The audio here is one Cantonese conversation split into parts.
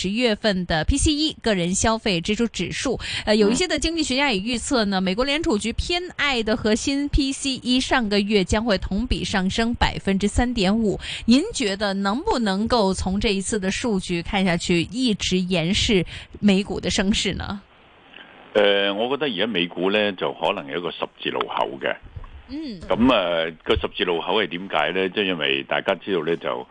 十月份的 PCE 個人消費支出指數，呃，有一些的經濟學家也預測呢，美國聯儲局偏愛的核心 PCE 上個月將會同比上升百分之三點五。您覺得能不能夠從這一次的數據看下去，一直延續美股的升勢呢，呃？我覺得而家美股呢，就可能有一個十字路口嘅。嗯。咁啊，個十字路口係點解呢？即係因為大家知道呢，就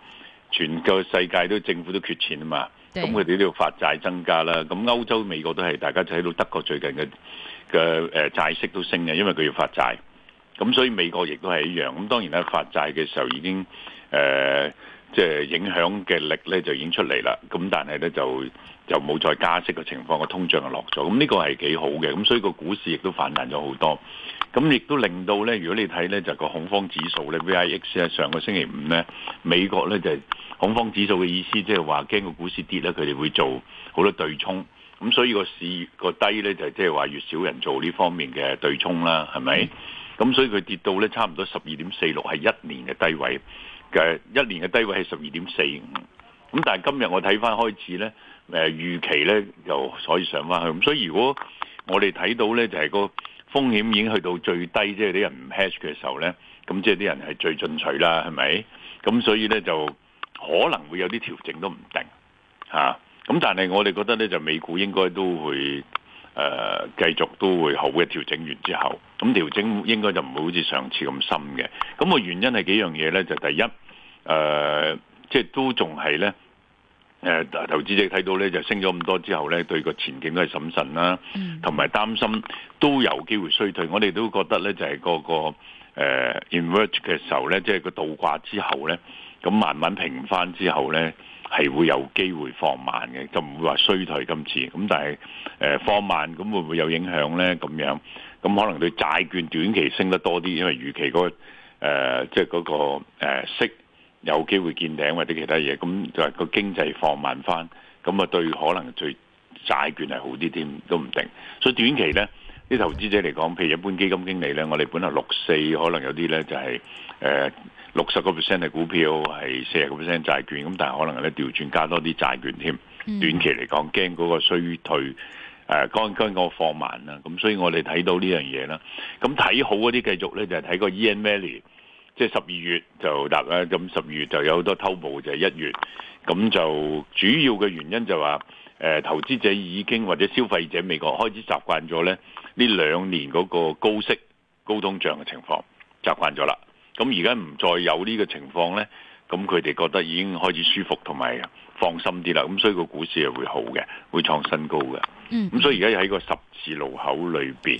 全個世界都政府都缺錢啊嘛。咁佢哋都要發債增加啦，咁歐洲、美國都係大家睇到德國最近嘅嘅誒債息都升嘅，因為佢要發債。咁所以美國亦都係一樣。咁當然咧發債嘅時候已經即、呃即係、影響嘅力咧就已經出嚟啦。咁但係咧就就冇再加息嘅情況，個通脹就落咗。咁呢個係幾好嘅。咁所以個股市亦都反彈咗好多。咁亦都令到咧，如果你睇咧就個恐慌指數咧 VIX 咧，上個星期五咧美國咧就。恐慌指數嘅意思即係話驚個股市跌咧，佢哋會做好多對沖，咁所以個市越個低咧，就即係話越少人做呢方面嘅對沖啦，係咪？咁所以佢跌到咧差唔多十二點四六係一年嘅低位嘅，一年嘅低位係十二點四五。咁但係今日我睇翻開始咧，誒預期咧又所以上翻去。咁所以如果我哋睇到咧就係個風險已經去到最低，即係啲人唔 hedge 嘅時候咧，咁即係啲人係最進取啦，係咪？咁所以咧就。可能會有啲調整都唔定嚇，咁、啊、但係我哋覺得呢就美股應該都會誒、呃、繼續都會好嘅調整完之後，咁調整應該就唔會好似上次咁深嘅。咁、那個原因係幾樣嘢呢？就第一誒，即、呃、係、就是、都仲係呢誒、呃、投資者睇到呢就升咗咁多之後呢對個前景都係審慎啦、啊，同、嗯、埋擔心都有機會衰退。我哋都覺得呢就係、是、個、那個。誒 invert 嘅時候咧，即係個倒掛之後咧，咁慢慢平翻之後咧，係會有機會放慢嘅，就唔會話衰退今次。咁但係誒、呃、放慢，咁會唔會有影響咧？咁樣咁可能對債券短期升得多啲，因為預期嗰誒即係嗰個、呃就是那個呃、息有機會見頂或者其他嘢，咁就係個經濟放慢翻，咁啊對可能對債券係好啲添，都唔定。所以短期咧。啲投資者嚟講，譬如一般基金經理咧，我哋本嚟六四，可能有啲咧就係誒六十個 percent 嘅股票，係四十個 percent 債券咁，但係可能咧調轉加多啲債券添。短期嚟講驚嗰個衰退，誒剛剛個放慢啦，咁所以我哋睇到呢樣嘢啦。咁睇好嗰啲繼續咧，就係、係、睇個 ENL 即係十二月就達啦，咁十二月就有好多偷步，就係一月。咁就主要嘅原因就話，誒投資者已經或者消費者美國開始習慣咗咧呢兩年嗰個高息、高通脹嘅情況，習慣咗啦。咁而家唔再有呢個情況咧，咁佢哋覺得已經開始舒服同埋放心啲啦。咁所以個股市係會好嘅，會創新高嘅。嗯。咁所以而家喺個十字路口裏邊。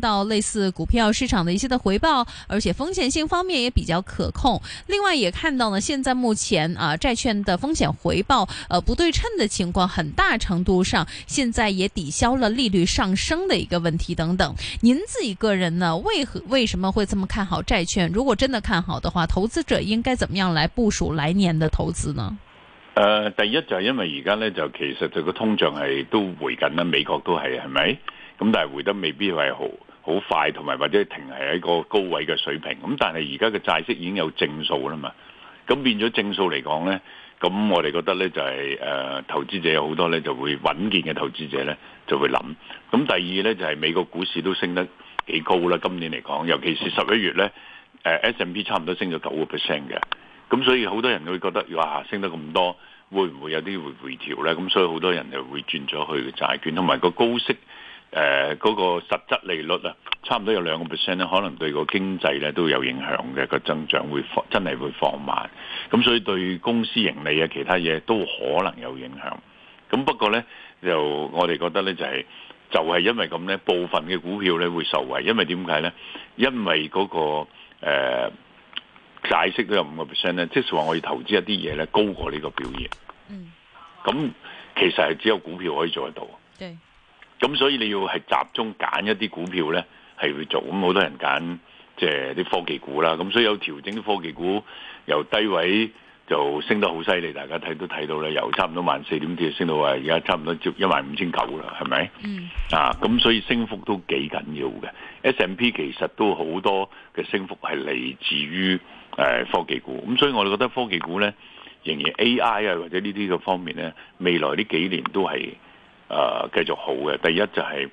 到類似股票市場的一些的回報，而且風險性方面也比較可控。另外，也看到呢，現在目前啊，債券的風險回報呃、啊、不對稱的情況，很大程度上現在也抵消了利率上升的一個問題等等。您自己個人呢，為何為什麼會這麼看好債券？如果真的看好的話，投資者應該怎麼樣來部署來年的投資呢？呃，第一就因為而家呢，就其實這個通脹係都回緊啦，美國都係係咪？咁但係回得未必係好。好快同埋或者停喺一個高位嘅水平，咁但係而家嘅債息已經有正數啦嘛，咁變咗正數嚟講呢，咁我哋覺得呢，就係、是、誒、呃、投資者好多呢就會穩健嘅投資者呢就會諗，咁第二呢，就係、是、美國股市都升得幾高啦，今年嚟講，尤其是十一月呢、呃、S&P 差唔多升咗九個 percent 嘅，咁所以好多人會覺得「哇，升得咁多，會唔會有啲回調呢？」咁所以好多人就會轉咗去債券同埋個高息。誒、呃、嗰、那個實質利率啊，差唔多有兩個 percent 咧，可能對個經濟咧都有影響嘅，個增長會放真係會放慢。咁所以對公司盈利啊，其他嘢都可能有影響。咁不過咧，就我哋覺得咧，就係就係因為咁咧，部分嘅股票咧會受惠，因為點解咧？因為嗰、那個誒、呃、債息都有五個 percent 咧，即係話我要投資一啲嘢咧高過呢個表現。嗯。咁其實係只有股票可以做得到。對。咁所以你要係集中揀一啲股票咧，係會做。咁好多人揀即係啲科技股啦。咁所以有調整啲科技股由低位就升得好犀利，大家睇都睇到啦。由差唔多萬四點至升到話而家差唔多接一萬五千九啦，係咪？嗯。啊，咁所以升幅都幾緊要嘅。S&P 其實都好多嘅升幅係嚟自於、呃、科技股。咁所以我哋覺得科技股咧，仍然 A I 啊或者呢啲嘅方面咧，未來呢幾年都係。誒、呃、繼續好嘅，第一就係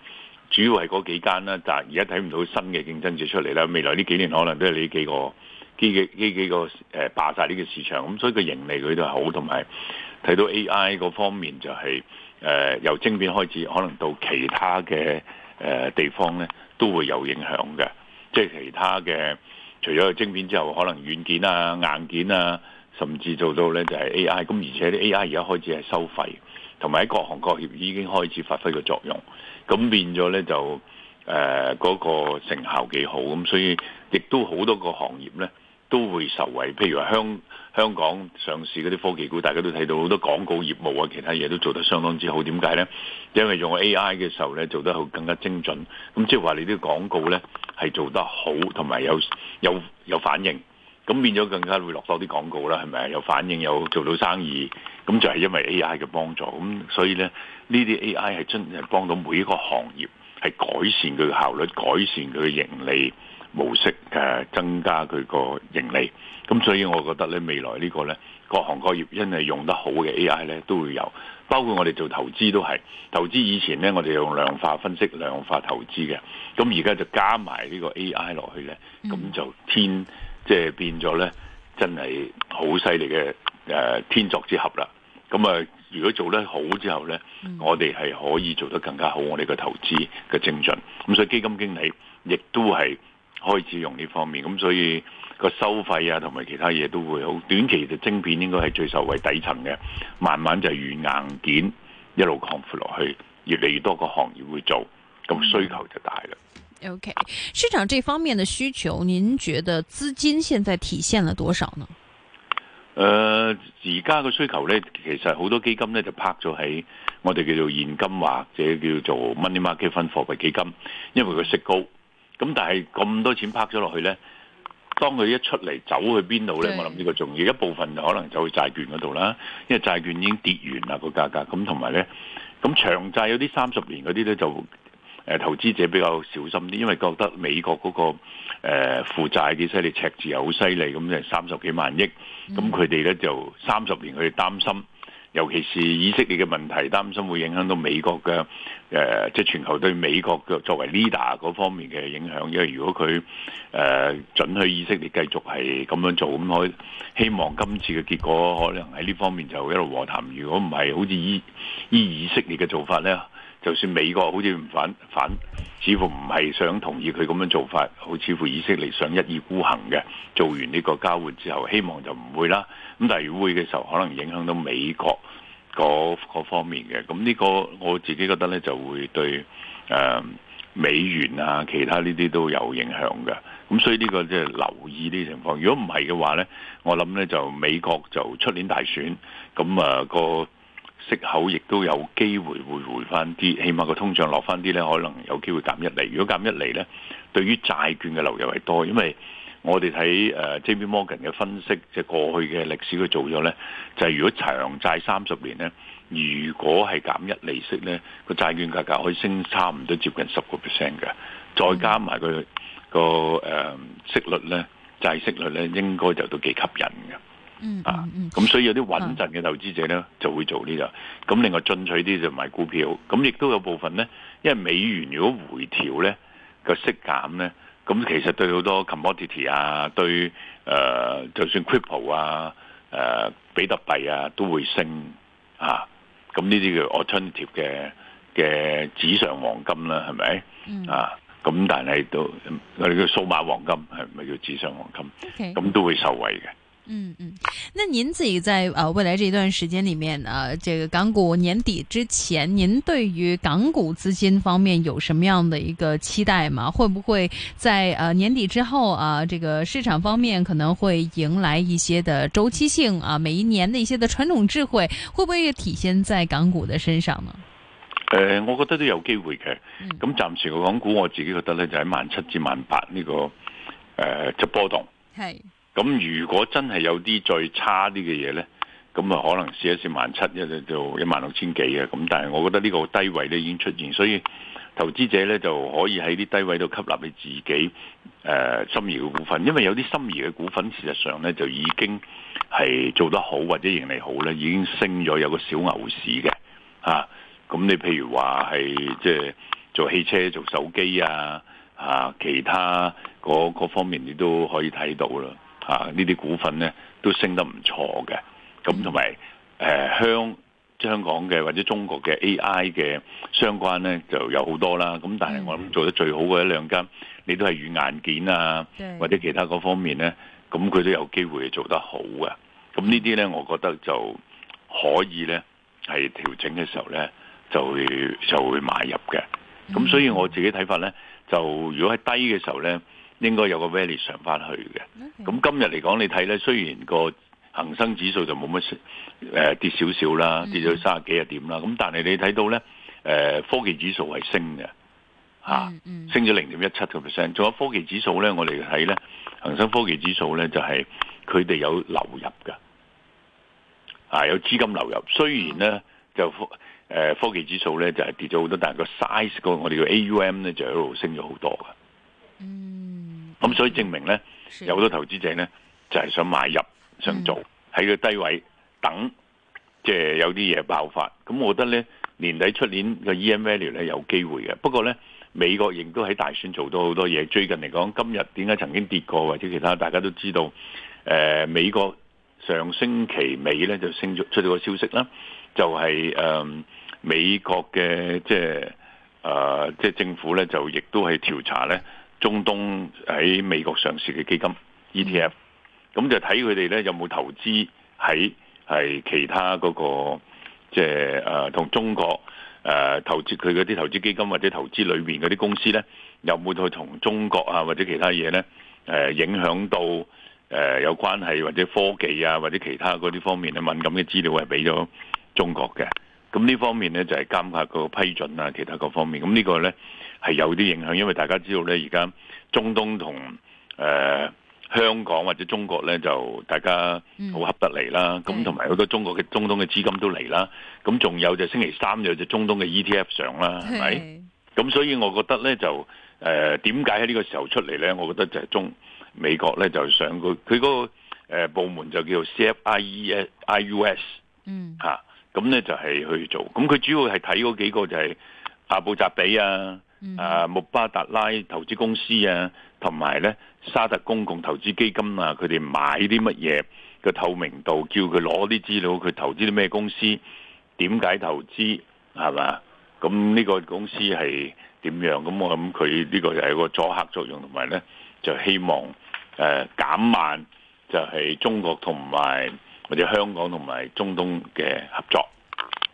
主要係嗰幾間啦，但係而家睇唔到新嘅競爭者出嚟啦。未來呢幾年可能都係呢幾個呢幾呢幾個誒霸晒呢個市場，咁所以個盈利佢都係好，同埋睇到 AI 嗰方面就係、是、誒、呃、由晶片開始，可能到其他嘅誒、呃、地方咧都會有影響嘅，即、就、係、是、其他嘅除咗晶片之後，可能軟件啊、硬件啊。甚至做到呢，就係 A.I. 咁，而且啲 A.I. 而家開始係收費，同埋喺各行各業已經開始發揮個作用，咁變咗呢，就誒嗰個成效幾好，咁所以亦都好多個行業呢，都會受惠。譬如話香香港上市嗰啲科技股，大家都睇到好多廣告業務啊，其他嘢都做得相當之好。點解呢？因為用 A.I. 嘅時候呢，做得好更加精準，咁即係話你啲廣告呢，係做得好，同埋有有有反應，咁變咗更加會落多啲廣告啦，係咪？有反應，有做到生意，咁就係因為 AI 嘅幫助。咁所以呢，呢啲 AI 係真係幫到每一個行業係改善佢效率、改善佢盈利模式、誒增加佢個盈利。咁所以我覺得呢，未來呢個呢各行各業因為用得好嘅 AI 呢都會有。包括我哋做投資都係投資以前呢，我哋用量化分析、量化投資嘅。咁而家就加埋呢個 AI 落去呢，咁就天。嗯即、就、係、是、變咗咧，真係好犀利嘅誒天作之合啦！咁啊、呃，如果做得好之後咧、嗯，我哋係可以做得更加好我哋嘅投資嘅精準。咁所以基金經理亦都係開始用呢方面，咁所以個收費啊同埋其他嘢都會好，短期嘅晶片應該係最受惠底層嘅，慢慢就係軟硬件一路擴闊落去，越嚟越多個行業會做，咁需求就大啦。嗯 OK，市場這方面的需求，您覺得資金現在體現了多少呢？誒、呃，而家嘅需求呢，其實好多基金呢就拍咗喺我哋叫做現金或者叫做 Money Market Fund 貨幣基金，因為佢息高。咁但係咁多錢拍咗落去呢，當佢一出嚟走去邊度呢？我諗呢個重要。一部分就可能走去債券嗰度啦，因為債券已經跌完啦、個價格。咁同埋呢，咁長債有啲三十年嗰啲呢，就。誒、投資者比較小心啲，因為覺得美國嗰、那個誒、呃、負債幾犀利，赤字又好犀利，咁、嗯、誒三十幾萬億，咁佢哋咧就三十年佢哋擔心，尤其是以色列嘅問題，擔心會影響到美國嘅誒，即、呃就是、全球對美國嘅作為 leader 嗰方面嘅影響。因為如果佢誒、呃、准許以色列繼續係咁樣做，咁我希望今次嘅結果可能喺呢方面就一路和談。如果唔係好似依依以色列嘅做法咧。就算美國好似唔反反，似乎唔係想同意佢咁樣做法，好似乎以色列想一意孤行嘅，做完呢個交換之後，希望就唔會啦。咁但係會嘅時候，可能影響到美國嗰嗰方面嘅。咁呢個我自己覺得呢就會對誒、呃、美元啊，其他呢啲都有影響嘅。咁所以呢個即係留意呢個情況。如果唔係嘅話呢，我諗呢就美國就出年大選，咁、那、啊個。息口亦都有機會會回翻啲，起碼個通脹落翻啲咧，可能有機會減一厘。如果減一厘咧，對於債券嘅流入係多，因為我哋睇誒 JPMorgan 嘅分析，即係過去嘅歷史佢做咗咧，就係如果長債三十年咧，如果係減一利息咧，個債券價格可以升差唔多接近十個 percent 嘅，再加埋佢個誒息率咧，債息率咧，應該就都幾吸引嘅。嗯啊，咁所以有啲穩陣嘅投資者咧就會做呢個，咁另外進取啲就買股票，咁亦都有部分咧，因為美元如果回調咧個息減咧，咁其實對好多 commodity 啊，對誒、呃、就算 crypto 啊誒、呃、比特幣啊都會升啊。咁呢啲叫 alternative 嘅嘅紙上黃金啦，係咪？嗯啊，咁但係都我哋叫數碼黃金係咪叫紙上黃金？Okay. 咁都會受惠嘅。嗯嗯，那您自己在啊未來這一段時間裏面啊，這個港股年底之前，您對於港股資金方面有什麼樣的一個期待嗎？會不會在啊年底之後啊，這個市場方面可能會迎來一些的週期性啊？每一年的一些的傳統智慧，會不會體現在港股的身上呢？誒、呃，我覺得都有機會嘅。咁、嗯、暫時港股，我自己覺得呢，就喺萬七至萬八呢個誒就波動係。呃咁如果真係有啲再差啲嘅嘢呢，咁啊可能試一試萬七一就一萬六千幾嘅，咁但係我覺得呢個低位呢已經出現，所以投資者呢就可以喺啲低位度吸納你自己誒、呃、心儀嘅股份，因為有啲心儀嘅股份事實上呢就已經係做得好或者盈利好呢已經升咗有個小牛市嘅，咁、啊、你譬如話係即係做汽車、做手機啊，啊其他嗰各方面你都可以睇到啦。啊！呢啲股份咧都升得唔錯嘅，咁同埋誒香即係香港嘅或者中國嘅 AI 嘅相關咧就有好多啦。咁但係我諗做得最好嘅一兩間，你都係軟硬件啊，或者其他嗰方面咧，咁佢都有機會做得好嘅。咁呢啲咧，我覺得就可以咧係調整嘅時候咧，就會就會買入嘅。咁所以我自己睇法咧，就如果喺低嘅時候咧。應該有個 valley 上翻去嘅，咁、okay. 今日嚟講你睇咧，雖然個恒生指數就冇乜誒跌少少啦，跌咗三十幾個點啦，咁、mm -hmm. 但係你睇到咧誒、呃、科技指數係升嘅嚇、mm -hmm. 啊，升咗零點一七個 percent。仲有科技指數咧，我哋睇咧恒生科技指數咧就係佢哋有流入㗎，啊有資金流入。雖然咧、oh. 就誒科技指數咧就係跌咗好多，但係個 size 個我哋叫 AUM 咧就一路升咗好多嘅。Mm -hmm. 咁所以證明咧，有好多投資者咧就係、是、想買入，想做喺個低位等，即、就、係、是、有啲嘢爆發。咁我覺得咧，年底出年嘅 E M Value 咧有機會嘅。不過咧，美國亦都喺大選做到好多嘢。最近嚟講，今日點解曾經跌過或者其他，大家都知道。誒、呃，美國上星期尾咧就升咗出咗個消息啦，就係、是、誒、呃、美國嘅即係誒、呃、即係政府咧就亦都係調查咧。中東喺美國上市嘅基金 ETF，咁就睇佢哋咧有冇投資喺係其他嗰、嗰個即係誒同中國誒、呃、投資佢嗰啲投資基金或者投資裏面嗰啲公司咧，有冇去同中國啊或者其他嘢咧誒影響到誒、呃、有關係或者科技啊或者其他嗰啲方面嘅敏感嘅資料係俾咗中國嘅。咁呢方面咧就係、是、監察個批准啊，其他各方面，咁呢個咧係有啲影響，因為大家知道咧而家中東同誒、呃、香港或者中國咧就大家好合得嚟啦，咁同埋好多中國嘅中東嘅資金都嚟啦，咁仲有就星期三就有隻中東嘅 ETF 上啦，係咪？咁所以我覺得咧就誒點解喺呢個時候出嚟咧？我覺得就係中美國咧就上佢佢嗰個、呃、部門就叫做 CFIUS，嗯、啊咁咧就係去做，咁佢主要係睇嗰幾個就係阿布扎比啊、嗯、啊穆巴達拉投資公司啊，同埋咧沙特公共投資基金啊，佢哋買啲乜嘢嘅透明度，叫佢攞啲資料，佢投資啲咩公司，點解投資係嘛？咁呢個公司係點樣？咁我諗佢呢個就係一個阻嚇作用，同埋咧就希望誒、呃、減慢就係中國同埋，或者香港同埋中東嘅合作。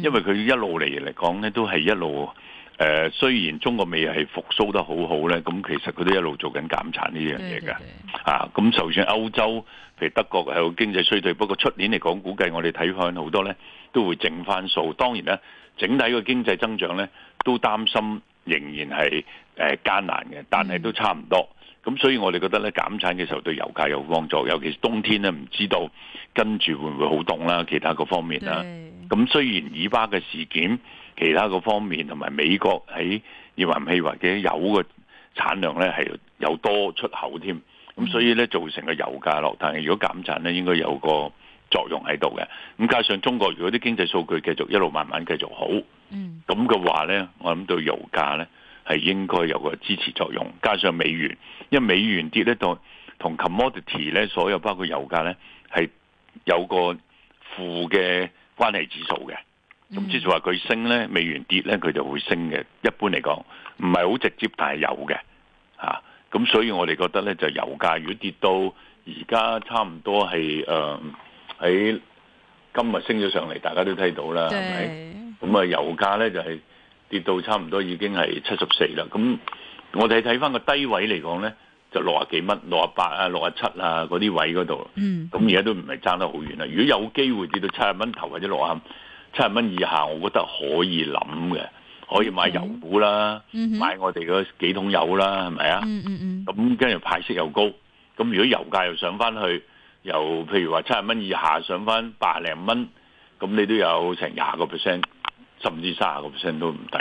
因為佢一路嚟嚟講咧，都係一路誒、呃，雖然中國未係復蘇得好好咧，咁其實佢都一路做緊減產呢樣嘢噶，啊，咁就算歐洲，譬如德國係個經濟衰退，不過出年嚟講，估計我哋睇翻好多咧都會淨翻數。當然咧，整體個經濟增長咧都擔心仍然係誒艱難嘅，但係都差唔多。咁所以我哋覺得咧減產嘅時候對油價有幫助，尤其是冬天咧唔知道跟住會唔會好凍啦，其他個方面啦。咁雖然以巴嘅事件，其他個方面同埋美國喺液化氣或者油嘅產量咧係有多出口添。咁所以咧造成個油價落，但係如果減產咧應該有個作用喺度嘅。咁加上中國如果啲經濟數據繼續一路慢慢繼續好，咁、嗯、嘅話咧，我諗對油價咧，係應該有個支持作用，加上美元，因為美元跌咧，就同 commodity 咧，所有包括油價咧，係有個負嘅關係指數嘅。咁即係話佢升咧，美元跌咧，佢就會升嘅。一般嚟講，唔係好直接，但係有嘅吓。咁、啊、所以我哋覺得咧，就油價如果跌到而家差唔多係誒喺今日升咗上嚟，大家都睇到啦，係咪？咁啊，油價咧就係、是。跌到差唔多已經係七十四啦，咁我哋睇翻個低位嚟講咧，就六十幾蚊、六十八啊、六十七啊嗰啲位嗰度，咁而家都唔係差得好遠啦。如果有機會跌到七十蚊頭或者六十、七十蚊以下，我覺得可以諗嘅，可以買油股啦，嗯、買我哋嗰幾桶油啦，係咪啊？咁跟住派息又高，咁如果油價又上翻去，由譬如話七十蚊以下上翻八十零蚊，咁你都有成廿個 percent。甚至三十個 percent 都唔定，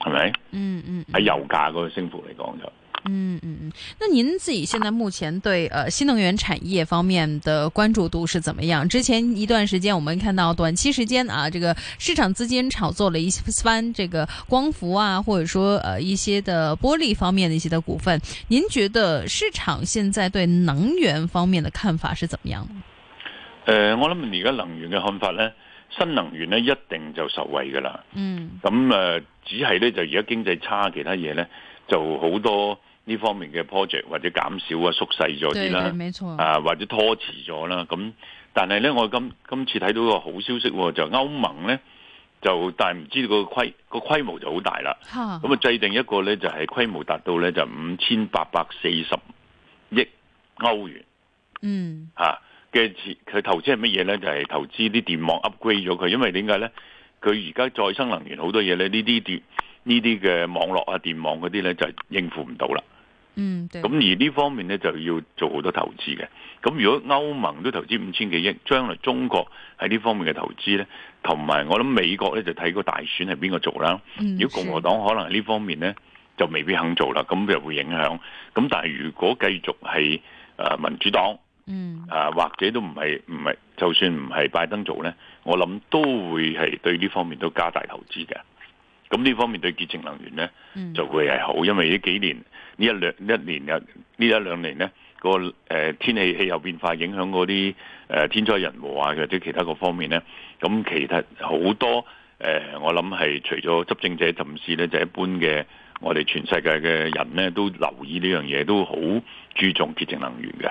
係咪？嗯嗯。喺油價嗰個升幅嚟講就。嗯嗯嗯，那您自己現在目前對呃新能源產業方面的關注度是怎麼樣？之前一段時間，我們看到短期時間啊，這個市場資金炒作了一番這個光伏啊，或者說呃一些的玻璃方面的一些的股份。您覺得市場現在對能源方面的看法是怎麼樣？誒、呃，我諗而家能源嘅看法呢。新能源咧一定就受惠噶啦，嗯，咁誒、呃，只係咧就而家經濟差，其他嘢咧就好多呢方面嘅 project 或者減少啊縮細咗啲啦，啊或者拖遲咗啦，咁但係咧我今今次睇到個好消息就歐盟咧就但係唔知道個規、個規模就好大啦，咁啊制定一個咧就係、是、規模達到咧就五千八百四十億歐元，嗯，吓、啊。嘅佢投資係乜嘢咧？就係、是、投資啲電網 upgrade 咗佢，因為點解咧？佢而家再生能源好多嘢咧，呢啲電呢啲嘅網絡啊、電網嗰啲咧就應付唔到啦。嗯，咁而呢方面咧就要做好多投資嘅。咁如果歐盟都投資五千幾億，將來中國喺呢方面嘅投資咧，同埋我諗美國咧就睇個大選係邊個做啦、嗯。如果共和黨可能呢方面咧就未必肯做啦，咁又會影響。咁但係如果繼續係誒民主黨。嗯，啊，或者都唔係唔係，就算唔係拜登做呢，我諗都會係對呢方面都加大投資嘅。咁呢方面對潔淨能源呢就會係好、嗯，因為呢幾年呢一兩一年又呢一兩年呢，那個誒、呃、天氣氣候變化影響嗰啲誒天災人禍啊，或者其他各方面呢，咁其實好多誒、呃，我諗係除咗執政者甚至呢就一般嘅我哋全世界嘅人呢都留意呢樣嘢，都好注重潔淨能源嘅。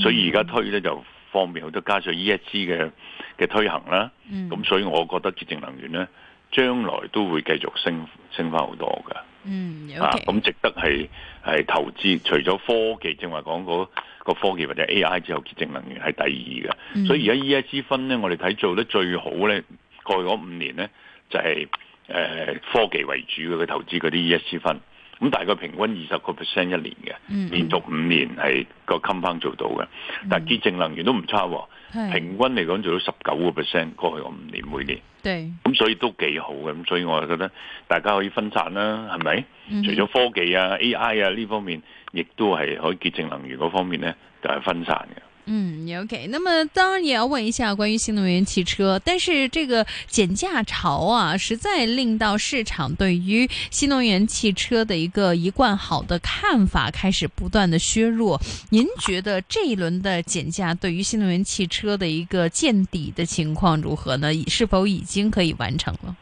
所以而家推咧就方便好多，加上 ESG 嘅嘅推行啦，咁、嗯、所以我覺得潔淨能源咧將來都會繼續升升翻好多噶。嗯，好、okay。咁、啊、值得係係投資，除咗科技正話講嗰個科技或者 AI 之後，潔淨能源係第二嘅、嗯。所以而家 ESG 分咧，我哋睇做得最好咧，過去嗰五年咧就係、是、誒、呃、科技為主嘅投資嗰啲 ESG 分。咁大概平均二十個 percent 一年嘅，連續五年係個 compound 做到嘅、嗯。但係潔淨能源都唔差、啊，平均嚟講做到十九個 percent。過去五年每年，咁所以都幾好嘅。咁所以我覺得大家可以分散啦、啊，係咪、嗯？除咗科技啊、AI 啊呢方面，亦都係可以潔淨能源嗰方面咧，就係、是、分散嘅。嗯，OK。那麼當然也要問一下關於新能源汽車，但是這個減價潮啊，實在令到市場對於新能源汽車的一個一貫好的看法開始不斷的削弱。您覺得這一輪的減價對於新能源汽車的一個見底的情況如何呢？是否已經可以完成了？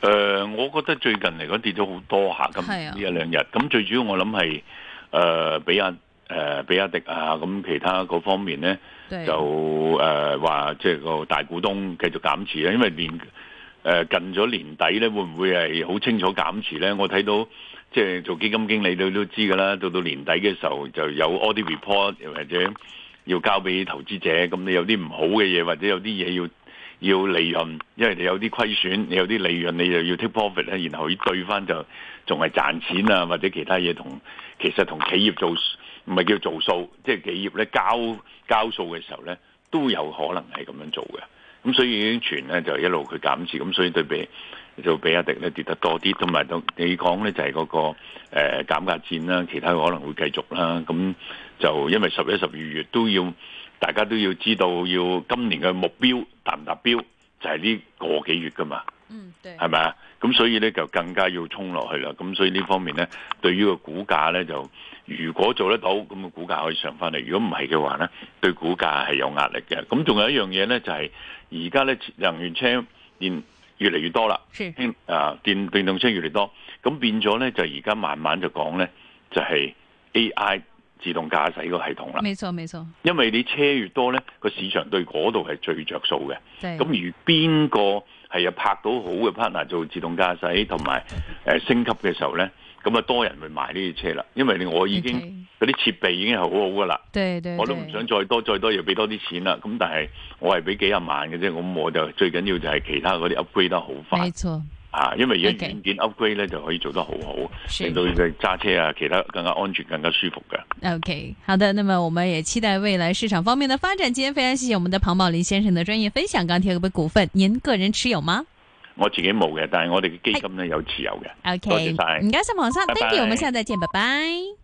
呃，我覺得最近嚟講跌咗好多下，咁呢一兩日。咁、啊、最主要我諗係，呃，比啊。誒、呃，比亞迪啊，咁其他嗰方面咧，就誒話即係個大股東繼續減持啦。因為年誒、呃、近咗年底咧，會唔會係好清楚減持咧？我睇到即係、就是、做基金經理你都知㗎啦。到到年底嘅時候，就有 audit report 或者要交俾投資者。咁你有啲唔好嘅嘢，或者有啲嘢要要利潤，因為你有啲虧損，你有啲利潤，你又要 take profit 咧，然後要對翻就仲係賺錢啊，或者其他嘢同其實同企業做。唔係叫做數，即係企業咧交交數嘅時候咧，都有可能係咁樣做嘅。咁所以已經傳咧就一路去減持，咁所以對比就比亞迪咧跌得多啲，同埋都你講咧就係嗰、那個誒、呃、減價戰啦，其他可能會繼續啦。咁就因為十一、十二月都要，大家都要知道要今年嘅目標達唔達標，就係、是、呢個幾月噶嘛。嗯，對，係咪啊？咁所以咧就更加要衝落去啦。咁所以呢方面咧，對於個股價咧就，如果做得到，咁個股價可以上翻嚟。如果唔係嘅話咧，對股價係有壓力嘅。咁仲有一樣嘢咧，就係而家咧，能源車越嚟越多啦，啊，電電動車越嚟多，咁變咗咧就而家慢慢就講咧，就係、是、A.I. 自動駕駛個系統啦。冇錯，冇錯。因為你車越多咧，個市場對嗰度係最着數嘅。咁而邊個？係啊，拍到好嘅 partner 做自動駕駛同埋誒升級嘅時候咧，咁啊多人去買呢啲車啦，因為我已經嗰啲、okay。設備已經係好好噶啦，對對對，我都唔想再多再多要俾多啲錢啦。咁但係我係俾幾十萬嘅啫，咁我就最緊要就係其他嗰啲 upgrade 得好快。冇錯。啊，因為而家軟件 upgrade 咧就可以做得好好，okay. 令到佢揸車啊，其他更加安全、更加舒服嘅。OK，好的，那麼我們也期待未來市場方面的發展。今天非常謝謝我們的龐寶林先生的專業分享。鋼鐵股份，您個人持有嗎？我自己冇嘅，但係我哋嘅基金呢，有持有嘅。Hey. OK，唔該晒，唔該，新黃生，thank you，我們下期再見，拜拜。